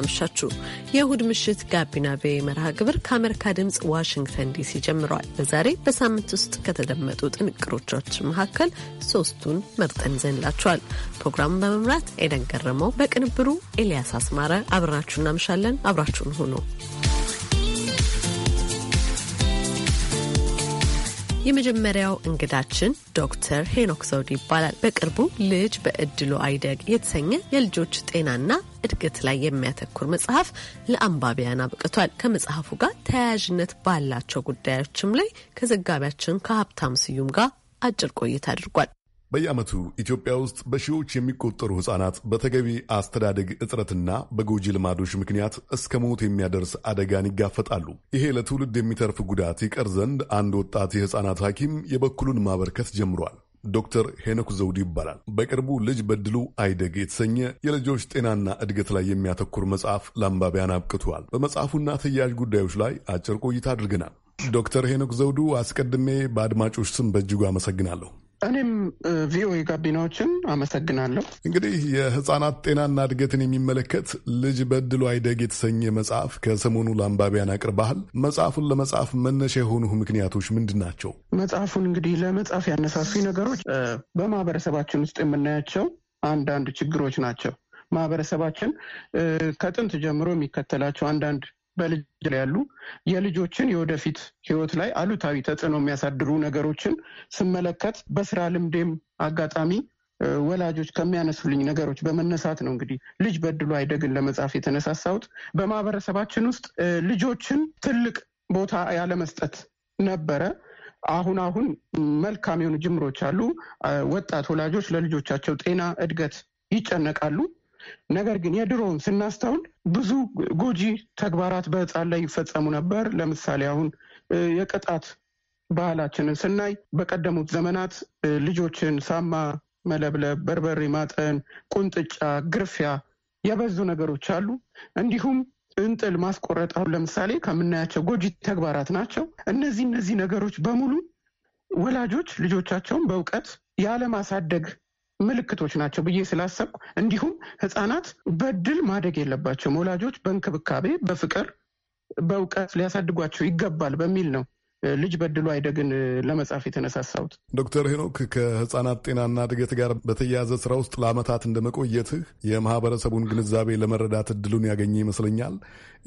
አመሻችሁ። የእሁድ ምሽት ጋቢና ቤ መርሃ ግብር ከአሜሪካ ድምፅ ዋሽንግተን ዲሲ ጀምሯል። በዛሬ በሳምንት ውስጥ ከተደመጡ ጥንቅሮች መካከል ሶስቱን መርጠን ይዘንላችኋል። ፕሮግራሙን በመምራት ኤደን ገረመው፣ በቅንብሩ ኤልያስ አስማረ አብረናችሁ እናመሻለን። አብራችሁን ሆኖ! የመጀመሪያው እንግዳችን ዶክተር ሄኖክ ዘውድ ይባላል። በቅርቡ ልጅ በእድሉ አይደግ የተሰኘ የልጆች ጤናና እድገት ላይ የሚያተኩር መጽሐፍ ለአንባቢያን አብቅቷል። ከመጽሐፉ ጋር ተያያዥነት ባላቸው ጉዳዮችም ላይ ከዘጋቢያችን ከሀብታም ስዩም ጋር አጭር ቆይታ አድርጓል። በየዓመቱ ኢትዮጵያ ውስጥ በሺዎች የሚቆጠሩ ሕፃናት በተገቢ አስተዳደግ እጥረትና በጎጂ ልማዶች ምክንያት እስከ ሞት የሚያደርስ አደጋን ይጋፈጣሉ። ይሄ ለትውልድ የሚተርፍ ጉዳት ይቀር ዘንድ አንድ ወጣት የሕፃናት ሐኪም የበኩሉን ማበርከት ጀምሯል። ዶክተር ሄኖክ ዘውዱ ይባላል። በቅርቡ ልጅ በድሉ አይደግ የተሰኘ የልጆች ጤናና እድገት ላይ የሚያተኩር መጽሐፍ ለአንባቢያን አብቅቷል። በመጽሐፉና ተያያዥ ጉዳዮች ላይ አጭር ቆይታ አድርገናል። ዶክተር ሄኖክ ዘውዱ አስቀድሜ በአድማጮች ስም በእጅጉ አመሰግናለሁ። እኔም ቪኦኤ ጋቢናዎችን አመሰግናለሁ። እንግዲህ የህጻናት ጤናና እድገትን የሚመለከት ልጅ በድሎ አይደግ የተሰኘ መጽሐፍ ከሰሞኑ ለአንባቢያን አቅርበሃል። መጽሐፉን ለመጻፍ መነሻ የሆኑ ምክንያቶች ምንድን ናቸው? መጽሐፉን እንግዲህ ለመጻፍ ያነሳሱ ነገሮች በማህበረሰባችን ውስጥ የምናያቸው አንዳንድ ችግሮች ናቸው። ማህበረሰባችን ከጥንት ጀምሮ የሚከተላቸው አንዳንድ በልጅ ላይ ያሉ የልጆችን የወደፊት ህይወት ላይ አሉታዊ ተጽዕኖ የሚያሳድሩ ነገሮችን ስመለከት በስራ ልምዴም አጋጣሚ ወላጆች ከሚያነሱልኝ ነገሮች በመነሳት ነው እንግዲህ ልጅ በድሎ አይደግን ለመጻፍ የተነሳሳሁት። በማህበረሰባችን ውስጥ ልጆችን ትልቅ ቦታ ያለመስጠት ነበረ። አሁን አሁን መልካም የሆኑ ጅምሮች አሉ። ወጣት ወላጆች ለልጆቻቸው ጤና፣ እድገት ይጨነቃሉ። ነገር ግን የድሮውን ስናስተውል ብዙ ጎጂ ተግባራት በህፃን ላይ ይፈጸሙ ነበር። ለምሳሌ አሁን የቅጣት ባህላችንን ስናይ በቀደሙት ዘመናት ልጆችን ሳማ መለብለብ፣ በርበሬ ማጠን፣ ቁንጥጫ፣ ግርፊያ የበዙ ነገሮች አሉ። እንዲሁም እንጥል ማስቆረጥ አሁን ለምሳሌ ከምናያቸው ጎጂ ተግባራት ናቸው። እነዚህ እነዚህ ነገሮች በሙሉ ወላጆች ልጆቻቸውን በእውቀት ያለማሳደግ ምልክቶች ናቸው ብዬ ስላሰብኩ፣ እንዲሁም ህጻናት በድል ማደግ የለባቸውም ወላጆች በእንክብካቤ በፍቅር በእውቀት ሊያሳድጓቸው ይገባል በሚል ነው ልጅ በድሉ አይደግን ለመጻፍ የተነሳሳሁት። ዶክተር ሄኖክ ከህጻናት ጤናና እድገት ጋር በተያያዘ ስራ ውስጥ ለአመታት እንደመቆየትህ የማህበረሰቡን ግንዛቤ ለመረዳት እድሉን ያገኘ ይመስለኛል።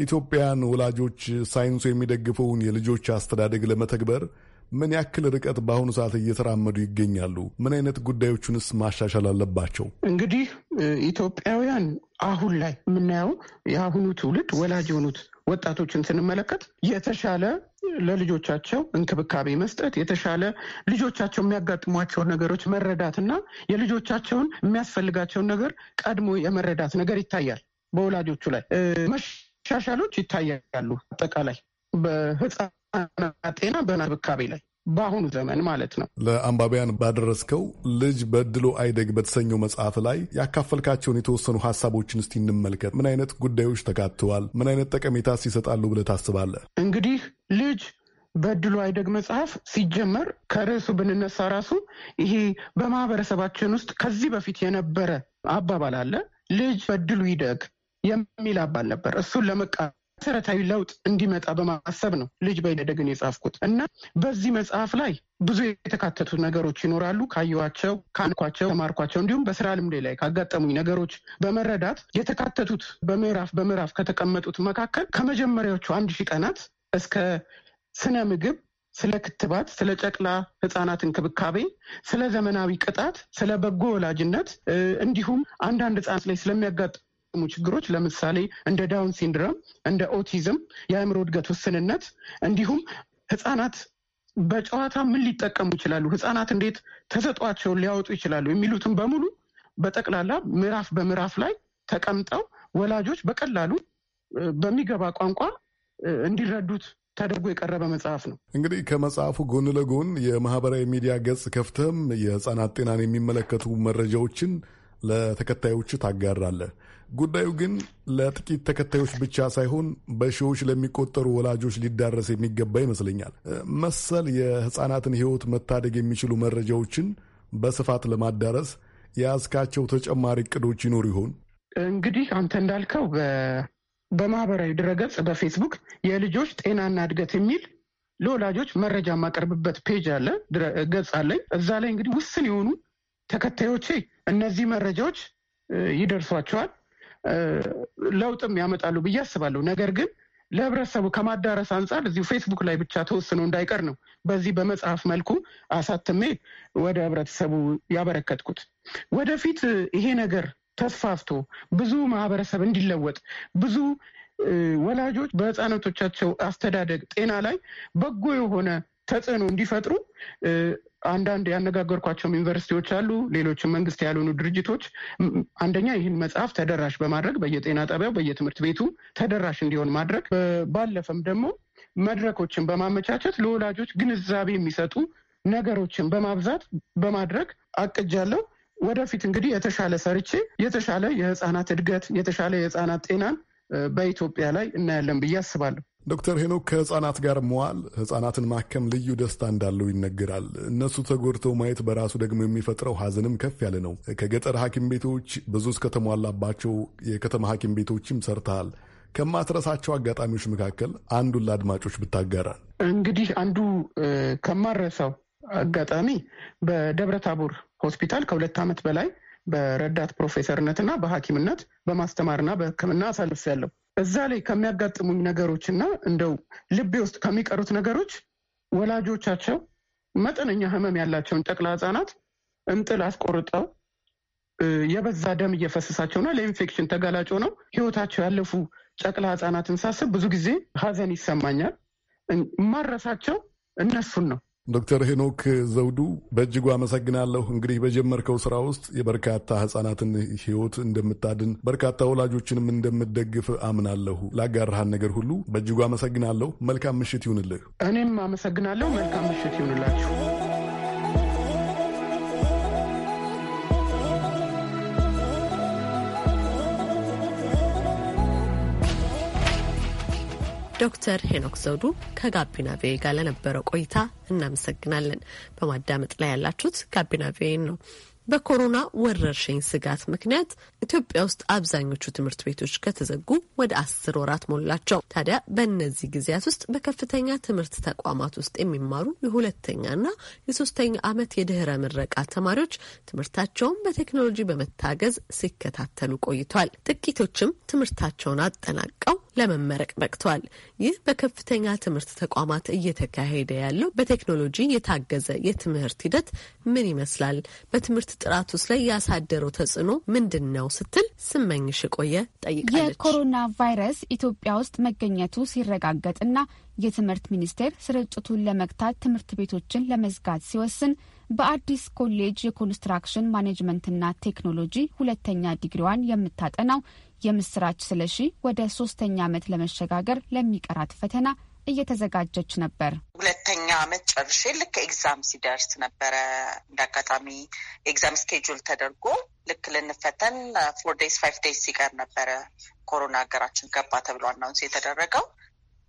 ኢትዮጵያን ወላጆች ሳይንሱ የሚደግፈውን የልጆች አስተዳደግ ለመተግበር ምን ያክል ርቀት በአሁኑ ሰዓት እየተራመዱ ይገኛሉ? ምን አይነት ጉዳዮቹንስ ማሻሻል አለባቸው? እንግዲህ ኢትዮጵያውያን አሁን ላይ የምናየው የአሁኑ ትውልድ ወላጅ የሆኑት ወጣቶችን ስንመለከት የተሻለ ለልጆቻቸው እንክብካቤ መስጠት የተሻለ ልጆቻቸው የሚያጋጥሟቸውን ነገሮች መረዳት እና የልጆቻቸውን የሚያስፈልጋቸውን ነገር ቀድሞ የመረዳት ነገር ይታያል። በወላጆቹ ላይ መሻሻሎች ይታያሉ። አጠቃላይ በህፃ ጤና በናብካቤ ላይ በአሁኑ ዘመን ማለት ነው። ለአንባቢያን ባደረስከው ልጅ በድሎ አይደግ በተሰኘው መጽሐፍ ላይ ያካፈልካቸውን የተወሰኑ ሀሳቦችን እስቲ እንመልከት። ምን አይነት ጉዳዮች ተካተዋል? ምን አይነት ጠቀሜታስ ይሰጣሉ ብለህ ታስባለህ? እንግዲህ ልጅ በድሎ አይደግ መጽሐፍ ሲጀመር ከርዕሱ ብንነሳ ራሱ ይሄ በማህበረሰባችን ውስጥ ከዚህ በፊት የነበረ አባባል አለ። ልጅ በድሉ ይደግ የሚል አባል ነበር። እሱን ለመቃ መሰረታዊ ለውጥ እንዲመጣ በማሰብ ነው ልጅ በይደደግን የጻፍኩት እና በዚህ መጽሐፍ ላይ ብዙ የተካተቱ ነገሮች ይኖራሉ። ካየኋቸው፣ ካንኳቸው፣ ተማርኳቸው እንዲሁም በስራ ልምዴ ላይ ካጋጠሙኝ ነገሮች በመረዳት የተካተቱት በምዕራፍ በምዕራፍ ከተቀመጡት መካከል ከመጀመሪያዎቹ አንድ ሺህ ቀናት እስከ ስነ ምግብ ስለ ክትባት፣ ስለ ጨቅላ ህፃናት እንክብካቤ፣ ስለ ዘመናዊ ቅጣት፣ ስለ በጎ ወላጅነት እንዲሁም አንዳንድ ህፃናት ላይ ስለሚያጋጥ ችግሮች ለምሳሌ እንደ ዳውን ሲንድረም፣ እንደ ኦቲዝም፣ የአእምሮ እድገት ውስንነት እንዲሁም ህጻናት በጨዋታ ምን ሊጠቀሙ ይችላሉ፣ ህጻናት እንዴት ተሰጧቸውን ሊያወጡ ይችላሉ የሚሉትን በሙሉ በጠቅላላ ምዕራፍ በምዕራፍ ላይ ተቀምጠው ወላጆች በቀላሉ በሚገባ ቋንቋ እንዲረዱት ተደርጎ የቀረበ መጽሐፍ ነው። እንግዲህ ከመጽሐፉ ጎን ለጎን የማህበራዊ ሚዲያ ገጽ ከፍተህም የህጻናት ጤናን የሚመለከቱ መረጃዎችን ለተከታዮቹ ታጋራለህ። ጉዳዩ ግን ለጥቂት ተከታዮች ብቻ ሳይሆን በሺዎች ለሚቆጠሩ ወላጆች ሊዳረስ የሚገባ ይመስለኛል። መሰል የሕፃናትን ሕይወት መታደግ የሚችሉ መረጃዎችን በስፋት ለማዳረስ የያዝካቸው ተጨማሪ እቅዶች ይኖሩ ይሆን? እንግዲህ አንተ እንዳልከው በማህበራዊ ድረገጽ በፌስቡክ የልጆች ጤናና እድገት የሚል ለወላጆች መረጃ የማቀርብበት ፔጅ አለ፣ ገጽ አለኝ። እዛ ላይ እንግዲህ ውስን የሆኑ ተከታዮቼ እነዚህ መረጃዎች ይደርሷቸዋል። ለውጥም ያመጣሉ ብዬ አስባለሁ። ነገር ግን ለህብረተሰቡ ከማዳረስ አንጻር እዚሁ ፌስቡክ ላይ ብቻ ተወስኖ እንዳይቀር ነው በዚህ በመጽሐፍ መልኩ አሳትሜ ወደ ህብረተሰቡ ያበረከትኩት። ወደፊት ይሄ ነገር ተስፋፍቶ ብዙ ማህበረሰብ እንዲለወጥ ብዙ ወላጆች በህፃናቶቻቸው አስተዳደግ ጤና ላይ በጎ የሆነ ተጽዕኖ እንዲፈጥሩ አንዳንድ ያነጋገርኳቸውም ዩኒቨርሲቲዎች አሉ፣ ሌሎችም መንግስት ያልሆኑ ድርጅቶች አንደኛ ይህን መጽሐፍ ተደራሽ በማድረግ በየጤና ጣቢያው በየትምህርት ቤቱ ተደራሽ እንዲሆን ማድረግ ባለፈም ደግሞ መድረኮችን በማመቻቸት ለወላጆች ግንዛቤ የሚሰጡ ነገሮችን በማብዛት በማድረግ አቅጃለሁ። ወደፊት እንግዲህ የተሻለ ሰርቼ የተሻለ የህፃናት እድገት የተሻለ የህፃናት ጤናን በኢትዮጵያ ላይ እናያለን ብዬ አስባለሁ። ዶክተር ሄኖክ ከህጻናት ጋር መዋል ህጻናትን ማከም ልዩ ደስታ እንዳለው ይነገራል። እነሱ ተጎድተው ማየት በራሱ ደግሞ የሚፈጥረው ሀዘንም ከፍ ያለ ነው። ከገጠር ሐኪም ቤቶች ብዙ እስከተሟላባቸው የከተማ ሐኪም ቤቶችም ሰርተሃል። ከማትረሳቸው አጋጣሚዎች መካከል አንዱን ለአድማጮች ብታጋራል። እንግዲህ አንዱ ከማረሰው አጋጣሚ በደብረ ታቦር ሆስፒታል ከሁለት ዓመት በላይ በረዳት ፕሮፌሰርነትና በሐኪምነት በማስተማርና በሕክምና አሳልፍ ያለው እዛ ላይ ከሚያጋጥሙኝ ነገሮች እና እንደው ልቤ ውስጥ ከሚቀሩት ነገሮች ወላጆቻቸው መጠነኛ ህመም ያላቸውን ጨቅላ ህጻናት እምጥል አስቆርጠው የበዛ ደም እየፈሰሳቸውና ለኢንፌክሽን ተጋላጮ ነው ህይወታቸው ያለፉ ጨቅላ ህጻናትን ሳስብ ብዙ ጊዜ ሀዘን ይሰማኛል። ማረሳቸው እነሱን ነው። ዶክተር ሄኖክ ዘውዱ በእጅጉ አመሰግናለሁ። እንግዲህ በጀመርከው ስራ ውስጥ የበርካታ ህጻናትን ህይወት እንደምታድን በርካታ ወላጆችንም እንደምደግፍ አምናለሁ። ላጋራሃን ነገር ሁሉ በእጅጉ አመሰግናለሁ። መልካም ምሽት ይሁንልህ። እኔም አመሰግናለሁ። መልካም ምሽት ይሁንላችሁ። ዶክተር ሄኖክ ዘውዱ ከጋቢና ቪኤ ጋር ለነበረው ቆይታ እናመሰግናለን። በማዳመጥ ላይ ያላችሁት ጋቢና ቪኤን ነው። በኮሮና ወረርሽኝ ስጋት ምክንያት ኢትዮጵያ ውስጥ አብዛኞቹ ትምህርት ቤቶች ከተዘጉ ወደ አስር ወራት ሞላቸው። ታዲያ በእነዚህ ጊዜያት ውስጥ በከፍተኛ ትምህርት ተቋማት ውስጥ የሚማሩ የሁለተኛና የሶስተኛ ዓመት የድህረ ምረቃ ተማሪዎች ትምህርታቸውን በቴክኖሎጂ በመታገዝ ሲከታተሉ ቆይቷል። ጥቂቶችም ትምህርታቸውን አጠናቀው ለመመረቅ በቅቷል። ይህ በከፍተኛ ትምህርት ተቋማት እየተካሄደ ያለው በቴክኖሎጂ የታገዘ የትምህርት ሂደት ምን ይመስላል? በትምህርት ጥራት ውስጥ ላይ ያሳደረው ተጽዕኖ ምንድን ነው? ስትል ስመኝሽ የቆየ ጠይቃለች። የኮሮና ቫይረስ ኢትዮጵያ ውስጥ መገኘቱ ሲረጋገጥና የትምህርት ሚኒስቴር ስርጭቱን ለመግታት ትምህርት ቤቶችን ለመዝጋት ሲወስን በአዲስ ኮሌጅ የኮንስትራክሽን ማኔጅመንትና ቴክኖሎጂ ሁለተኛ ዲግሪዋን የምታጠናው የምስራች ስለሺ ወደ ሶስተኛ ዓመት ለመሸጋገር ለሚቀራት ፈተና እየተዘጋጀች ነበር። ሁለተኛ አመት ጨርሼ ልክ ኤግዛም ሲደርስ ነበረ እንደ አጋጣሚ ኤግዛም ስኬጁል ተደርጎ ልክ ልንፈተን ፎር ዴይስ ፋይቭ ዴይስ ሲቀር ነበረ ኮሮና ሀገራችን ገባ ተብሎ አናውንስ የተደረገው።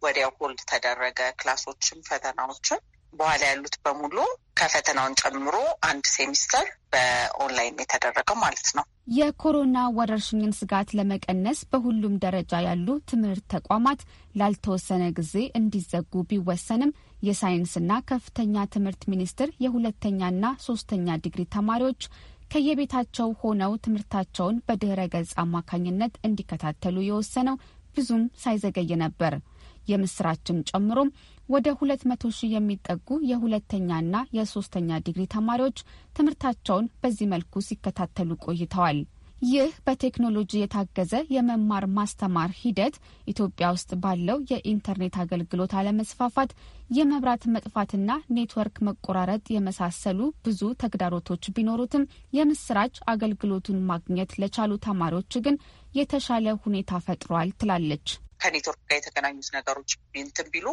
ወዲያው ሆልድ ተደረገ ክላሶችም ፈተናዎችም በኋላ ያሉት በሙሉ ከፈተናውን ጨምሮ አንድ ሴሚስተር በኦንላይን የተደረገው ማለት ነው። የኮሮና ወረርሽኝን ስጋት ለመቀነስ በሁሉም ደረጃ ያሉ ትምህርት ተቋማት ላልተወሰነ ጊዜ እንዲዘጉ ቢወሰንም የሳይንስና ከፍተኛ ትምህርት ሚኒስቴር የሁለተኛና ሶስተኛ ዲግሪ ተማሪዎች ከየቤታቸው ሆነው ትምህርታቸውን በድህረ ገጽ አማካኝነት እንዲከታተሉ የወሰነው ብዙም ሳይዘገይ ነበር። የምስራችን ጨምሮም ወደ 200 ሺህ የሚጠጉ የሁለተኛና የሶስተኛ ዲግሪ ተማሪዎች ትምህርታቸውን በዚህ መልኩ ሲከታተሉ ቆይተዋል። ይህ በቴክኖሎጂ የታገዘ የመማር ማስተማር ሂደት ኢትዮጵያ ውስጥ ባለው የኢንተርኔት አገልግሎት አለመስፋፋት፣ የመብራት መጥፋትና ኔትወርክ መቆራረጥ የመሳሰሉ ብዙ ተግዳሮቶች ቢኖሩትም የምስራች አገልግሎቱን ማግኘት ለቻሉ ተማሪዎች ግን የተሻለ ሁኔታ ፈጥሯል ትላለች። ከኔትወርክ ጋር የተገናኙት ነገሮች እንትን ቢሉ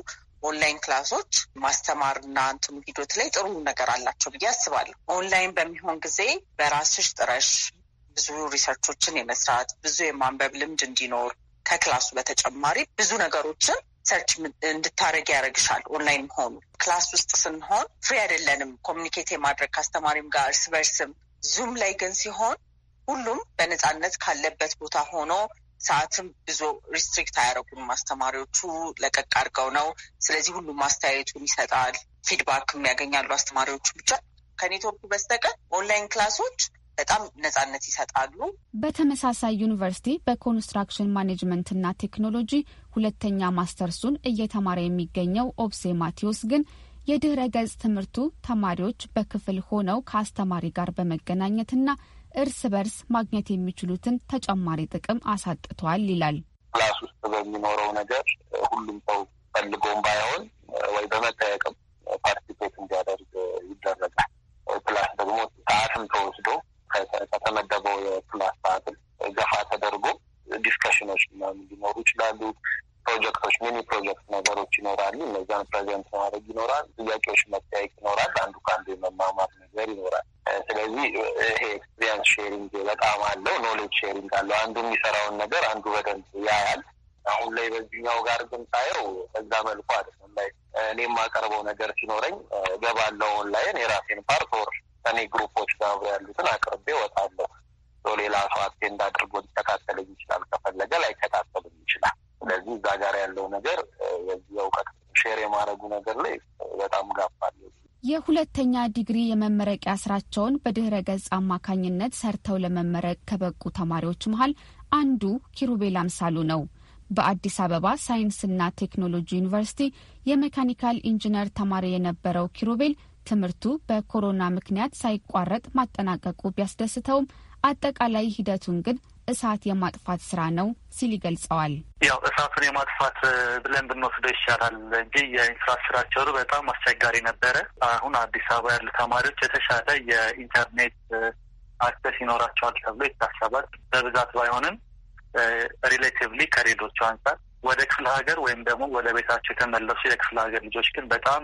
ኦንላይን ክላሶች ማስተማርና እንትኑ ሂዶት ላይ ጥሩ ነገር አላቸው ብዬ አስባለሁ። ኦንላይን በሚሆን ጊዜ በራስሽ ጥረሽ ብዙ ሪሰርቾችን የመስራት ብዙ የማንበብ ልምድ እንዲኖር ከክላሱ በተጨማሪ ብዙ ነገሮችን ሰርች እንድታደረግ ያደረግሻል። ኦንላይን ሆኑ ክላስ ውስጥ ስንሆን ፍሪ አይደለንም ኮሚኒኬት የማድረግ ከአስተማሪም ጋር እርስ በርስም። ዙም ላይ ግን ሲሆን ሁሉም በነፃነት ካለበት ቦታ ሆኖ ሰዓትም ብዙ ሪስትሪክት አያደረጉም አስተማሪዎቹ ለቀቅ አድርገው ነው። ስለዚህ ሁሉም አስተያየቱን ይሰጣል። ፊድባክም ያገኛሉ አስተማሪዎቹ ብቻ ከኔትወርኩ በስተቀር ኦንላይን ክላሶች በጣም ነጻነት ይሰጣሉ። በተመሳሳይ ዩኒቨርሲቲ በኮንስትራክሽን ማኔጅመንትና ቴክኖሎጂ ሁለተኛ ማስተርሱን እየተማረ የሚገኘው ኦብሴ ማቴዎስ ግን የድህረ ገጽ ትምህርቱ ተማሪዎች በክፍል ሆነው ከአስተማሪ ጋር በመገናኘትና እርስ በርስ ማግኘት የሚችሉትን ተጨማሪ ጥቅም አሳጥቷል ይላል። ክላስ ውስጥ በሚኖረው ነገር ሁሉም ሰው ፈልጎም ባይሆን ወይ በመጠየቅም ፓርቲፔት እንዲያደርግ ይደረጋል። ክላስ ደግሞ ሰዓትም ተወስዶ ከተመደበው የክላስ ሰዓትን ገፋ ተደርጎ ዲስከሽኖች ምናምን ሊኖሩ ይችላሉ። ፕሮጀክቶች፣ ሚኒ ፕሮጀክት ነገሮች ይኖራሉ። እነዚያን ፕሬዘንት ማድረግ ይኖራል። ጥያቄዎች መጠያየቅ ይኖራል። አንዱ ከአንዱ የመማማር ነገር ይኖራል። ስለዚህ ይሄ ኤክስፒሪንስ ሼሪንግ በጣም አለው። ኖሌጅ ሼሪንግ አለው። አንዱ የሚሰራውን ነገር አንዱ በደንብ ያያል። አሁን ላይ በዚህኛው ጋር ግን ሳየው በዛ መልኩ አይደለም። ላይ እኔ የማቀርበው ነገር ሲኖረኝ ገባለው ኦንላይን የራሴን ፓርቶር ወር ከኔ ግሩፖች ጋር ያሉትን አቅርቤ ወጣለሁ። ሌላ ሰው አቴንድ አድርጎ ሊከታተልኝ ይችላል፣ ከፈለገ ላይከታተልም ይችላል። ስለዚህ እዛ ጋር ያለው ነገር የዚህ እውቀት ሼር የማድረጉ ነገር ላይ በጣም ጋፋለሁ። የሁለተኛ ዲግሪ የመመረቂያ ስራቸውን በድህረ ገጽ አማካኝነት ሰርተው ለመመረቅ ከበቁ ተማሪዎች መሀል አንዱ ኪሩቤል አምሳሉ ነው። በአዲስ አበባ ሳይንስና ቴክኖሎጂ ዩኒቨርሲቲ የሜካኒካል ኢንጂነር ተማሪ የነበረው ኪሩቤል ትምህርቱ በኮሮና ምክንያት ሳይቋረጥ ማጠናቀቁ ቢያስደስተውም አጠቃላይ ሂደቱን ግን እሳት የማጥፋት ስራ ነው ሲል ይገልጸዋል። ያው እሳቱን የማጥፋት ብለን ብንወስደው ይሻላል እንጂ የኢንፍራስትራክቸሩ በጣም አስቸጋሪ ነበረ። አሁን አዲስ አበባ ያሉ ተማሪዎች የተሻለ የኢንተርኔት አክሰስ ይኖራቸዋል ተብሎ ይታሰባል። በብዛት ባይሆንም ሪሌቲቭሊ ከሌሎቹ አንጻር ወደ ክፍለ ሀገር ወይም ደግሞ ወደ ቤታቸው የተመለሱ የክፍለ ሀገር ልጆች ግን በጣም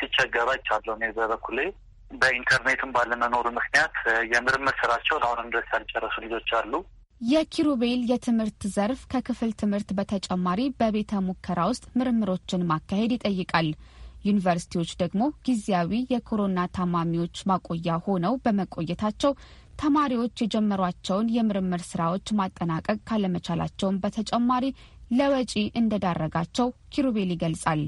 ሲቸገሩ አይቻለሁ። እኔ በበኩሌ በኢንተርኔትም ባለመኖሩ ምክንያት የምርምር ስራቸውን አሁንም ድረስ ያልጨረሱ ልጆች አሉ። የኪሩቤል የትምህርት ዘርፍ ከክፍል ትምህርት በተጨማሪ በቤተ ሙከራ ውስጥ ምርምሮችን ማካሄድ ይጠይቃል። ዩኒቨርሲቲዎች ደግሞ ጊዜያዊ የኮሮና ታማሚዎች ማቆያ ሆነው በመቆየታቸው ተማሪዎች የጀመሯቸውን የምርምር ስራዎች ማጠናቀቅ ካለመቻላቸውን በተጨማሪ ለወጪ እንደዳረጋቸው ኪሩቤል ይገልጻል።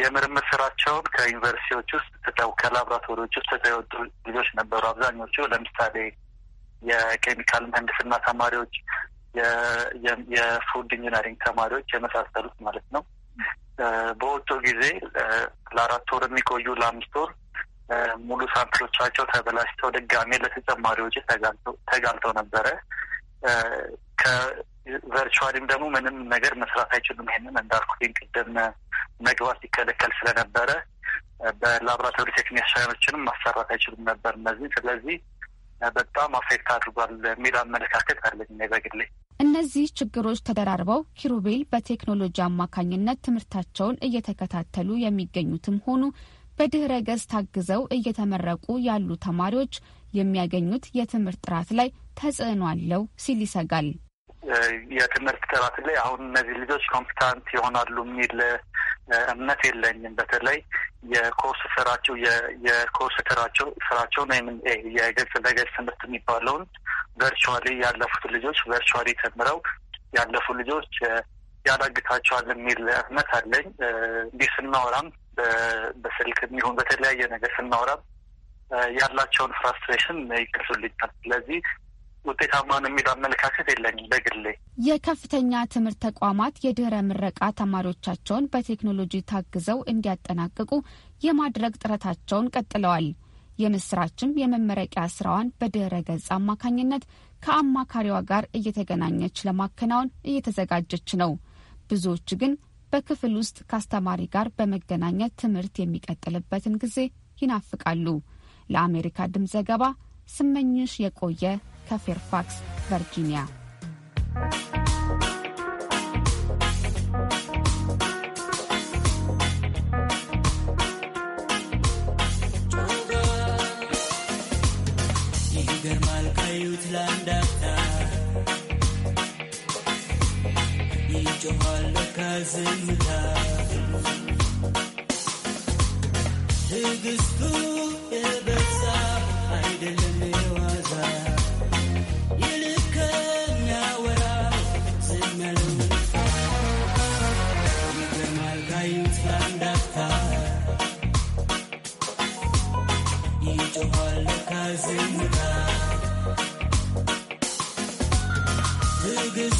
የምርምር ስራቸውን ከዩኒቨርሲቲዎች ውስጥ ከላብራቶሪዎች ውስጥ ተጠው የወጡ ልጆች ነበሩ። አብዛኞቹ ለምሳሌ የኬሚካል ምህንድስና ተማሪዎች፣ የፉድ ኢንጂነሪንግ ተማሪዎች የመሳሰሉት ማለት ነው። በወጡ ጊዜ ለአራት ወር የሚቆዩ ለአምስት ወር ሙሉ ሳምፕሎቻቸው ተበላሽተው ድጋሜ ለተጨማሪ ተጋልተው ነበረ። ቨርቹዋሊም ደግሞ ምንም ነገር መስራት አይችሉም። ይሄንን እንዳልኩትኝ ቅድም መግባት ይከለከል ስለነበረ በላቦራቶሪ ቴክኒሽያኖችንም ማሰራት አይችሉም ነበር እነዚህ። ስለዚህ በጣም አፌክት አድርጓል የሚል አመለካከት አለኝ በግሌ። እነዚህ ችግሮች ተደራርበው ኪሩቤል በቴክኖሎጂ አማካኝነት ትምህርታቸውን እየተከታተሉ የሚገኙትም ሆኑ በድህረ ገጽ ታግዘው እየተመረቁ ያሉ ተማሪዎች የሚያገኙት የትምህርት ጥራት ላይ ተጽዕኖ አለው ሲል ይሰጋል። የትምህርት ጥራት ላይ አሁን እነዚህ ልጆች ኮምፒታንት ይሆናሉ የሚል እምነት የለኝም። በተለይ የኮርስ ስራቸው የኮርስ ስራቸው ስራቸውን ወይም የገጽ ለገጽ ትምህርት የሚባለውን ቨርቹዋሊ ያለፉት ልጆች ቨርቹዋሊ ተምረው ያለፉ ልጆች ያዳግታቸዋል የሚል እምነት አለኝ። እንዲህ ስናወራም በስልክ የሚሆን በተለያየ ነገር ስናወራም ያላቸውን ፍራስትሬሽን ይቀርሱልኛል። ስለዚህ ውጤታማን የሚል አመለካከት የለኝም በግሌ። የከፍተኛ ትምህርት ተቋማት የድህረ ምረቃ ተማሪዎቻቸውን በቴክኖሎጂ ታግዘው እንዲያጠናቅቁ የማድረግ ጥረታቸውን ቀጥለዋል። የምስራችም የመመረቂያ ስራዋን በድህረ ገጽ አማካኝነት ከአማካሪዋ ጋር እየተገናኘች ለማከናወን እየተዘጋጀች ነው። ብዙዎች ግን በክፍል ውስጥ ከአስተማሪ ጋር በመገናኘት ትምህርት የሚቀጥልበትን ጊዜ ይናፍቃሉ። ለአሜሪካ ድምፅ ዘገባ ስመኝሽ የቆየ ከፌርፋክስ ቨርጂኒያ። This cool, yeah, that's how I didn't Look the this.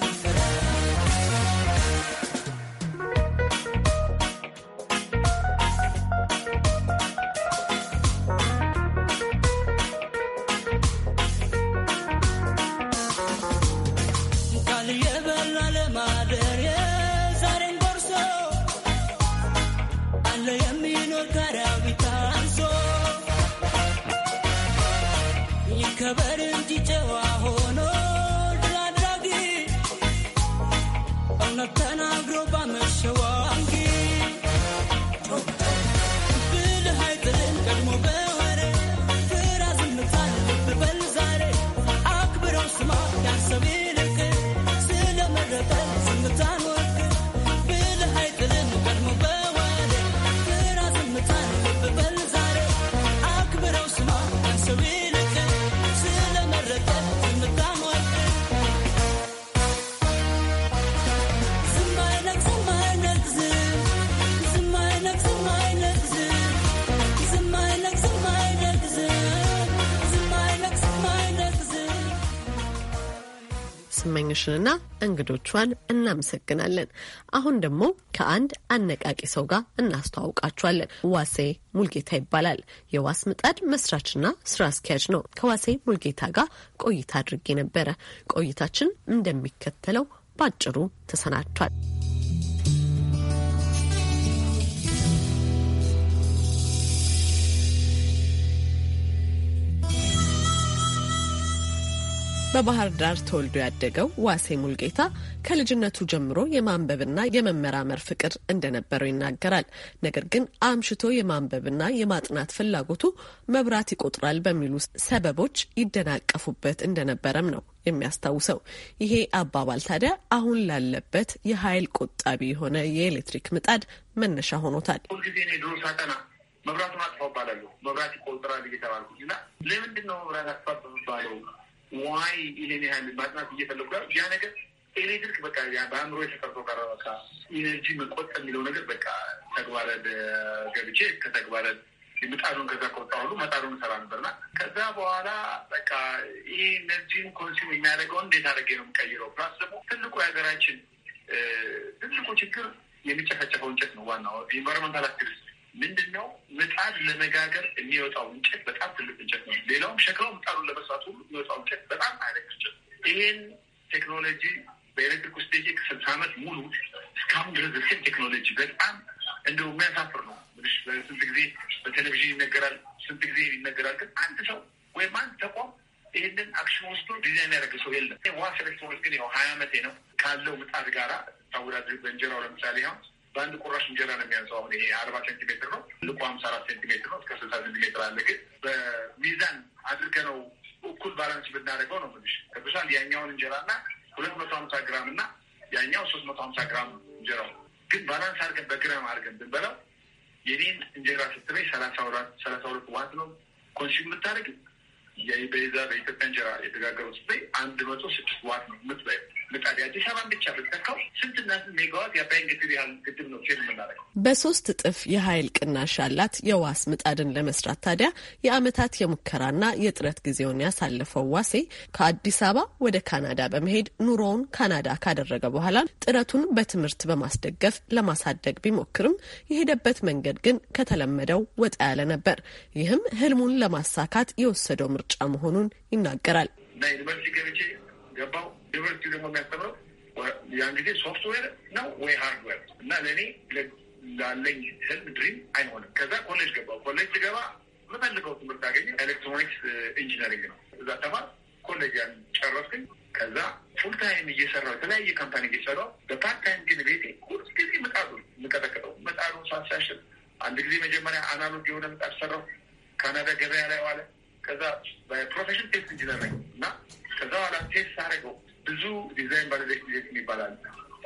ከበርጅ ጨዋ ሆኖ ዳምጤሽንና እንግዶቿን እናመሰግናለን። አሁን ደግሞ ከአንድ አነቃቂ ሰው ጋር እናስተዋውቃቸዋለን። ዋሴ ሙልጌታ ይባላል። የዋስ ምጣድ መስራችና ስራ አስኪያጅ ነው። ከዋሴ ሙልጌታ ጋር ቆይታ አድርጌ ነበረ። ቆይታችን እንደሚከተለው ባጭሩ ተሰናድቷል። በባህር ዳር ተወልዶ ያደገው ዋሴ ሙልጌታ ከልጅነቱ ጀምሮ የማንበብና የመመራመር ፍቅር እንደነበረው ይናገራል። ነገር ግን አምሽቶ የማንበብና የማጥናት ፍላጎቱ መብራት ይቆጥራል በሚሉ ሰበቦች ይደናቀፉበት እንደነበረም ነው የሚያስታውሰው። ይሄ አባባል ታዲያ አሁን ላለበት የኃይል ቆጣቢ የሆነ የኤሌክትሪክ ምጣድ መነሻ ሆኖታል። መብራት ማጥፋው እባላለሁ። መብራት ይቆጥራል እየተባልኩ እና ለምንድን ነው መብራት አጥፋ በሚባለው ዋይ ይሄን ያህል ማጥናት እየፈለጉ ያ ነገር ኤሌክትሪክ በቃ ያ በአእምሮ የተፈርቶ ቀረ። በቃ ኢነርጂ መቆጠ የሚለው ነገር በቃ ተግባረድ ገብቼ ከተግባረድ ምጣዱን ከዛ ከወጣ ሁሉ መጣዱን ሰራ ነበርና ከዛ በኋላ በቃ ይህ ኢነርጂን ኮንሱም የሚያደርገውን እንዴት አድርጌ ነው የምቀይረው? ፕላስ ደግሞ ትልቁ የሀገራችን ትልቁ ችግር የሚጨፈጨፈው እንጨት ነው። ዋናው ኢንቫይሮንመንታል አክቲቪስት ምንድን ነው ምጣድ ለመጋገር የሚወጣው እንጨት በጣም ትልቅ እንጨት ነው። ሌላውም ሸክላው ምጣዱን ለመስራት ሁሉ የሚወጣው እንጨት በጣም አይነት እንጨት። ይሄን ቴክኖሎጂ በኤሌክትሪክ ውስጥ ቴክ ስልሳ ዓመት ሙሉ እስካሁን ድረስ እስን ቴክኖሎጂ በጣም እንደው የሚያሳፍር ነው። ስንት ጊዜ በቴሌቪዥን ይነገራል፣ ስንት ጊዜ ይነገራል። ግን አንድ ሰው ወይም አንድ ተቋም ይህንን አክሽን ወስዶ ዲዛይን ያደረገ ሰው የለም። ዋስ ኤሌክትሮኒክስ ግን ያው ሀያ ዓመቴ ነው ካለው ምጣድ ጋራ ታወዳድር በእንጀራው ለምሳሌ ያው በአንድ ቁራሽ እንጀራ ነው የሚያንሰው። አሁን ይሄ አርባ ሴንቲሜትር ነው ልቁ ሀምሳ አራት ሴንቲሜትር ነው እስከ ስልሳ ሴንቲሜትር አለ። ግን በሚዛን አድርገ ነው እኩል ባላንስ ብናደርገው ነው ትንሽ ቅዱሳን ያኛውን እንጀራ እና ሁለት መቶ ሀምሳ ግራም እና ያኛው ሶስት መቶ ሀምሳ ግራም እንጀራው ግን ባላንስ አድርገን በግራም አድርገን ብንበላው የኔን እንጀራ ስትበይ ሰላሳ ሁለት ሰላሳ ሁለት ዋት ነው ኮንሱም የምታደርግ በዛ በኢትዮጵያ እንጀራ የተጋገረው ስትበይ አንድ መቶ ስድስት ዋት ነው የምትበይው ምጣድ አዲስ አበባን ብቻ ብንተካው ስንትና ስንት ሜጋዋት የአባይን ግድብ ያህል ግድብ ነው ሴል የምናደርገው። በሶስት እጥፍ የኃይል ቅናሽ ያላት የዋስ ምጣድን ለመስራት ታዲያ የአመታት የሙከራና የጥረት ጊዜውን ያሳለፈው ዋሴ ከአዲስ አበባ ወደ ካናዳ በመሄድ ኑሮውን ካናዳ ካደረገ በኋላ ጥረቱን በትምህርት በማስደገፍ ለማሳደግ ቢሞክርም የሄደበት መንገድ ግን ከተለመደው ወጣ ያለ ነበር። ይህም ህልሙን ለማሳካት የወሰደው ምርጫ መሆኑን ይናገራል። ዩኒቨርሲቲ ገብቼ ገባው ዩኒቨርሲቲ ደግሞ የሚያስተምረው ያን ጊዜ ሶፍትዌር ነው ወይ ሃርድዌር እና ለእኔ ላለኝ ህልም ድሪም አይሆንም። ከዛ ኮሌጅ ገባው ኮሌጅ ስገባ የምፈልገው ትምህርት አገኘ። ኤሌክትሮኒክስ ኢንጂነሪንግ ነው። እዛ ተማር ኮሌጅ ያን ጨረስኩኝ። ከዛ ፉል ታይም እየሰራው የተለያየ ካምፓኒ እየሰራው በፓርት ታይም ግን ቤቴ ሁሉ ጊዜ ምጣዱ የምቀጠቅጠው ምጣዱ ሳሳሽን አንድ ጊዜ መጀመሪያ አናሎግ የሆነ ምጣድ ሰራው ካናዳ ገበያ ላይ ዋለ። ከዛ በፕሮፌሽን ቴስት ኢንጂነር ነኝ እና ከዛ በኋላ ቴስት አደረገው ብዙ ዲዛይን ባለቤት ጊዜ ይባላል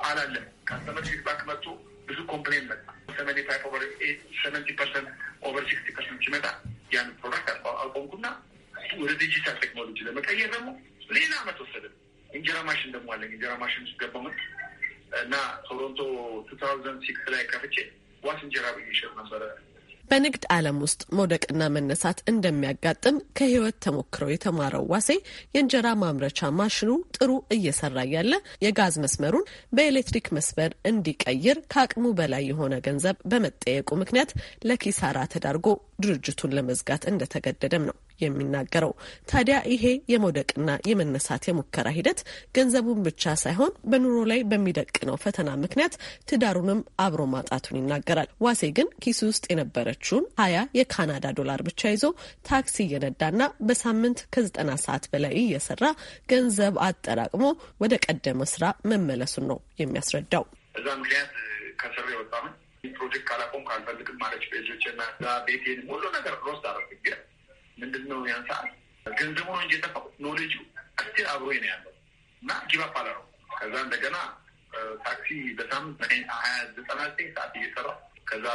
አላለ ከስተመር ፊድባክ መጥቶ ብዙ ኮምፕሌን መጣ። ሰቨንቲ ፋይቭ ኦቨር ሰቨንቲ ፐርሰንት ኦቨር ሲክስቲ ፐርሰንት ሲመጣ ያን ፕሮዳክት አቆምኩና ወደ ዲጂታል ቴክኖሎጂ ለመቀየር ደግሞ ሌላ አመት ወሰደ። እንጀራ ማሽን ደግሞ አለኝ። እንጀራ ማሽን ውስጥ ገባሁት እና ቶሮንቶ ቱ ታውዘንድ ሲክስ ላይ ከፍቼ ዋስ እንጀራ ብዬ እሸጥ ነበረ በንግድ ዓለም ውስጥ መውደቅና መነሳት እንደሚያጋጥም ከህይወት ተሞክረው የተማረው ዋሴ የእንጀራ ማምረቻ ማሽኑ ጥሩ እየሰራ ያለ የጋዝ መስመሩን በኤሌክትሪክ መስመር እንዲቀይር ከአቅሙ በላይ የሆነ ገንዘብ በመጠየቁ ምክንያት ለኪሳራ ተዳርጎ ድርጅቱን ለመዝጋት እንደተገደደም ነው የሚናገረው። ታዲያ ይሄ የመውደቅና የመነሳት የሙከራ ሂደት ገንዘቡን ብቻ ሳይሆን በኑሮ ላይ በሚደቅነው ፈተና ምክንያት ትዳሩንም አብሮ ማጣቱን ይናገራል። ዋሴ ግን ኪሱ ውስጥ የነበረችውን ሀያ የካናዳ ዶላር ብቻ ይዞ ታክሲ እየነዳና በሳምንት ከዘጠና ሰዓት በላይ እየሰራ ገንዘብ አጠራቅሞ ወደ ቀደመ ስራ መመለሱን ነው የሚያስረዳው። እዛ ምክንያት ከስር የወጣ ፕሮጀክት ካላቆም ካልፈልግም ማለች ቤጆች ና ቤቴን ሁሉ ነገር ሮስ አረግ ምንድን ነው ያን ሰዓት ገንዘቡ ነው እንጂ የጠፋው ኖሌጁ እስቲል አብሮ ነው ያለው እና ፓለ ነው። ከዛ እንደገና ታክሲ በሳምንት ሀያ ዘጠና ዘጠኝ ሰዓት እየሰራ ከዛ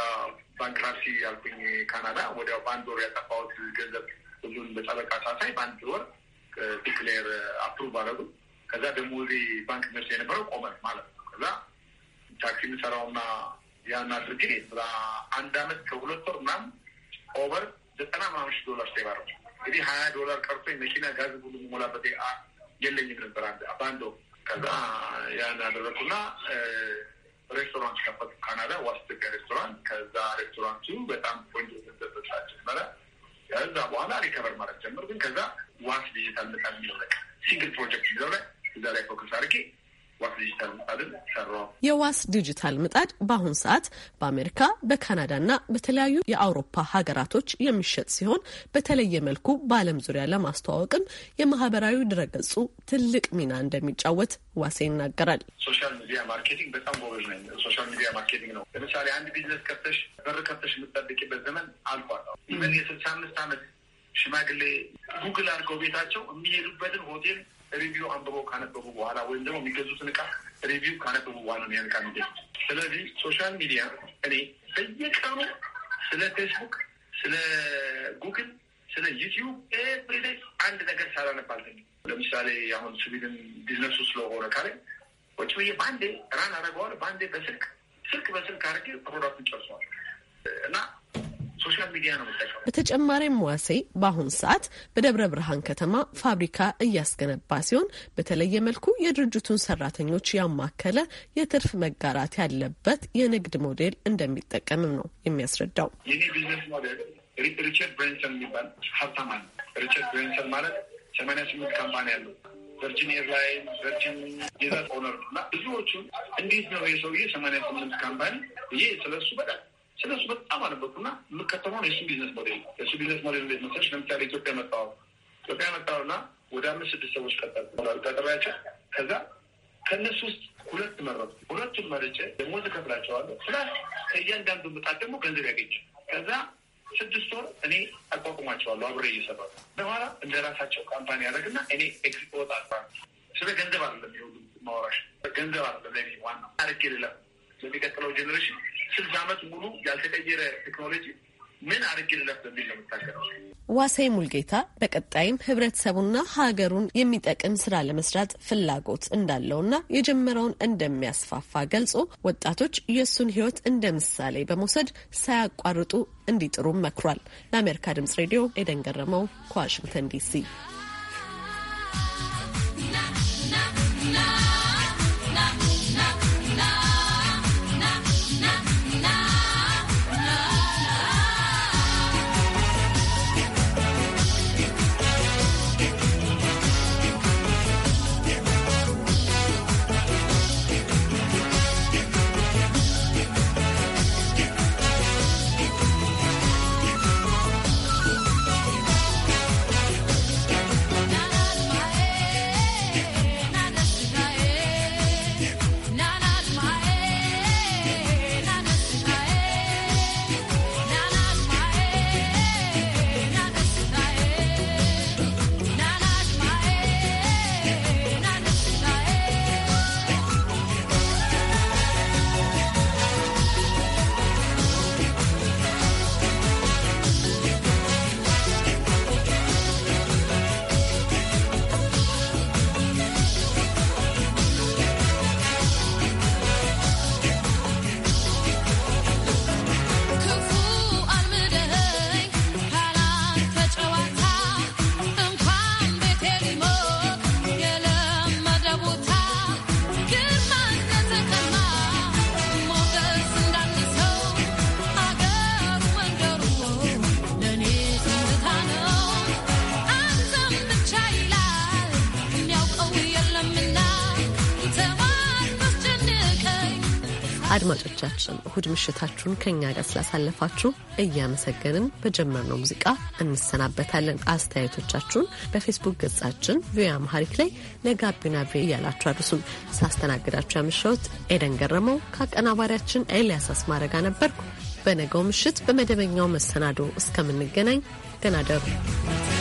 ባንክራፕሲ ያልኩኝ ካናዳ ወዲያ በአንድ ወር ያጠፋሁት ገንዘብ ሁሉን በጠበቃ ሳሳይ በአንድ ወር ዲክሌር አፕሩቭ አረጉ። ከዛ ደግሞ እዚህ ባንክ ነርስ የነበረው ቆመ ማለት ነው። ከዛ ታክሲ የምሰራውና ያን አድርጌ አንድ አመት ከሁለት ወር ምናምን ኦቨር ዘጠና ምናምን ሺህ ዶላር ሴቭ አደረኩ። እንግዲህ ሀያ ዶላር ቀርቶኝ መኪና ጋዝ ሁሉ የምሞላበት የለኝም ነበር በአንድ ወቅት። ከዛ ያን አደረኩና ሬስቶራንት ከፈቱ ካናዳ ዋስትጋ ሬስቶራንት። ከዛ ሬስቶራንቱ በጣም ቆንጆ ገንዘብ ጀመረ። ከዛ በኋላ ሪከቨር ማለት ግን ከዛ ዋስ ዲጂታል ነጻ የሚለው ሲንግል ፕሮጀክት የሚለው ላይ እዛ ላይ ፎክስ አድርጌ የዋስ ዲጂታል ምጣድ በአሁን ሰዓት በአሜሪካ በካናዳ በካናዳና በተለያዩ የአውሮፓ ሀገራቶች የሚሸጥ ሲሆን በተለየ መልኩ በዓለም ዙሪያ ለማስተዋወቅም የማህበራዊ ድረገጹ ትልቅ ሚና እንደሚጫወት ዋሴ ይናገራል። ሶሻል ሚዲያ ማርኬቲንግ በጣም ጎበዝ ነው። ሶሻል ሚዲያ ማርኬቲንግ ነው። ለምሳሌ አንድ ቢዝነስ ከፍተሽ በር ከፍተሽ የምትጠብቂበት ዘመን አልፏል። ኢቨን የስልሳ አምስት አመት ሽማግሌ ጉግል አድርገው ቤታቸው የሚሄዱበትን ሆቴል ሪቪው አንብበው ካነበቡ በኋላ ወይም ደግሞ የሚገዙትን እቃ ሪቪው ካነበቡ በኋላ ነው ያልቃ የሚገዙት። ስለዚህ ሶሻል ሚዲያ እኔ በየቀኑ ስለ ፌስቡክ፣ ስለ ጉግል፣ ስለ ዩቲዩብ ኤቭሪዴይ አንድ ነገር ሳላነብ ለምሳሌ አሁን ስቪልን ቢዝነሱ ስለሆነ ካለ ቁጭ ብዬ በአንዴ ራን አደረገዋል። በአንዴ በስልክ ስልክ በስልክ አድርጌ ፕሮዳክቱን ጨርሰዋል እና ሶሻል ሚዲያ ነው የምጠቀመው። በተጨማሪም ዋሴ በአሁን ሰዓት በደብረ ብርሃን ከተማ ፋብሪካ እያስገነባ ሲሆን በተለየ መልኩ የድርጅቱን ሰራተኞች ያማከለ የትርፍ መጋራት ያለበት የንግድ ሞዴል እንደሚጠቀምም ነው የሚያስረዳው። የኔ ቢዝነስ ሞዴል ሪቸርድ ብሬንሰን የሚባል ሀብታም አለ። ሪቸርድ ብሬንሰን ማለት ሰማንያ ስምንት ካምፓኒ ያለው ቨርጂን ኤርላይን፣ ቨርጂን የዛ ኦነር እና ብዙዎቹ እንዴት ነው የሰውዬ ሰማንያ ስምንት ካምፓኒ ይሄ ስለሱ በጣም ስለሱ በጣም አነበኩና የምከተመውን የሱ ቢዝነስ ሞዴል የሱ ቢዝነስ ሞዴል እንዴት መሰለሽ? ለምሳሌ ኢትዮጵያ መጣሁ ኢትዮጵያ መጣሁና ወደ አምስት ስድስት ሰዎች ቀጠል ቀጠላቸው። ከዛ ከእነሱ ውስጥ ሁለት መረጡ። ሁለቱን መርጬ ደግሞ እከፍላቸዋለሁ ፕላስ ከእያንዳንዱ ምጣት ደግሞ ገንዘብ ያገኛል። ከዛ ስድስት ወር እኔ አቋቁማቸዋለሁ አብሬ እየሰራ በኋላ እንደ ራሳቸው ካምፓኒ ያደረግና እኔ ኤግዚት ወጣ ስለ ገንዘብ አለም የሁሉ ማወራሽ ገንዘብ አለም ለእኔ ዋና አርግ የሌላ ለሚቀጥለው ጀኔሬሽን ስልሳ ዓመት ሙሉ ያልተቀየረ ቴክኖሎጂ ምን አድርግልለት በሚል ነው የምታገረው። ዋሴ ሙልጌታ በቀጣይም ህብረተሰቡና ሀገሩን የሚጠቅም ስራ ለመስራት ፍላጎት እንዳለውና የጀመረውን እንደሚያስፋፋ ገልጾ ወጣቶች የእሱን ህይወት እንደ ምሳሌ በመውሰድ ሳያቋርጡ እንዲጥሩ መክሯል። ለአሜሪካ ድምጽ ሬዲዮ ኤደን ገረመው ከዋሽንግተን ዲሲ አድማጮቻችን እሁድ ምሽታችሁን ከኛ ጋር ስላሳለፋችሁ እያመሰገንን በጀመርነው ሙዚቃ እንሰናበታለን። አስተያየቶቻችሁን በፌስቡክ ገጻችን ቪኦኤ አምሃሪክ ላይ ለጋቢና ቪኦኤ እያላችሁ አድርሱን። ሳስተናግዳችሁ ያመሸሁት ኤደን ገረመው ከአቀናባሪያችን ኤልያስ አስማረጋ ነበርኩ። በነገው ምሽት በመደበኛው መሰናዶ እስከምንገናኝ ደህና ደሩ።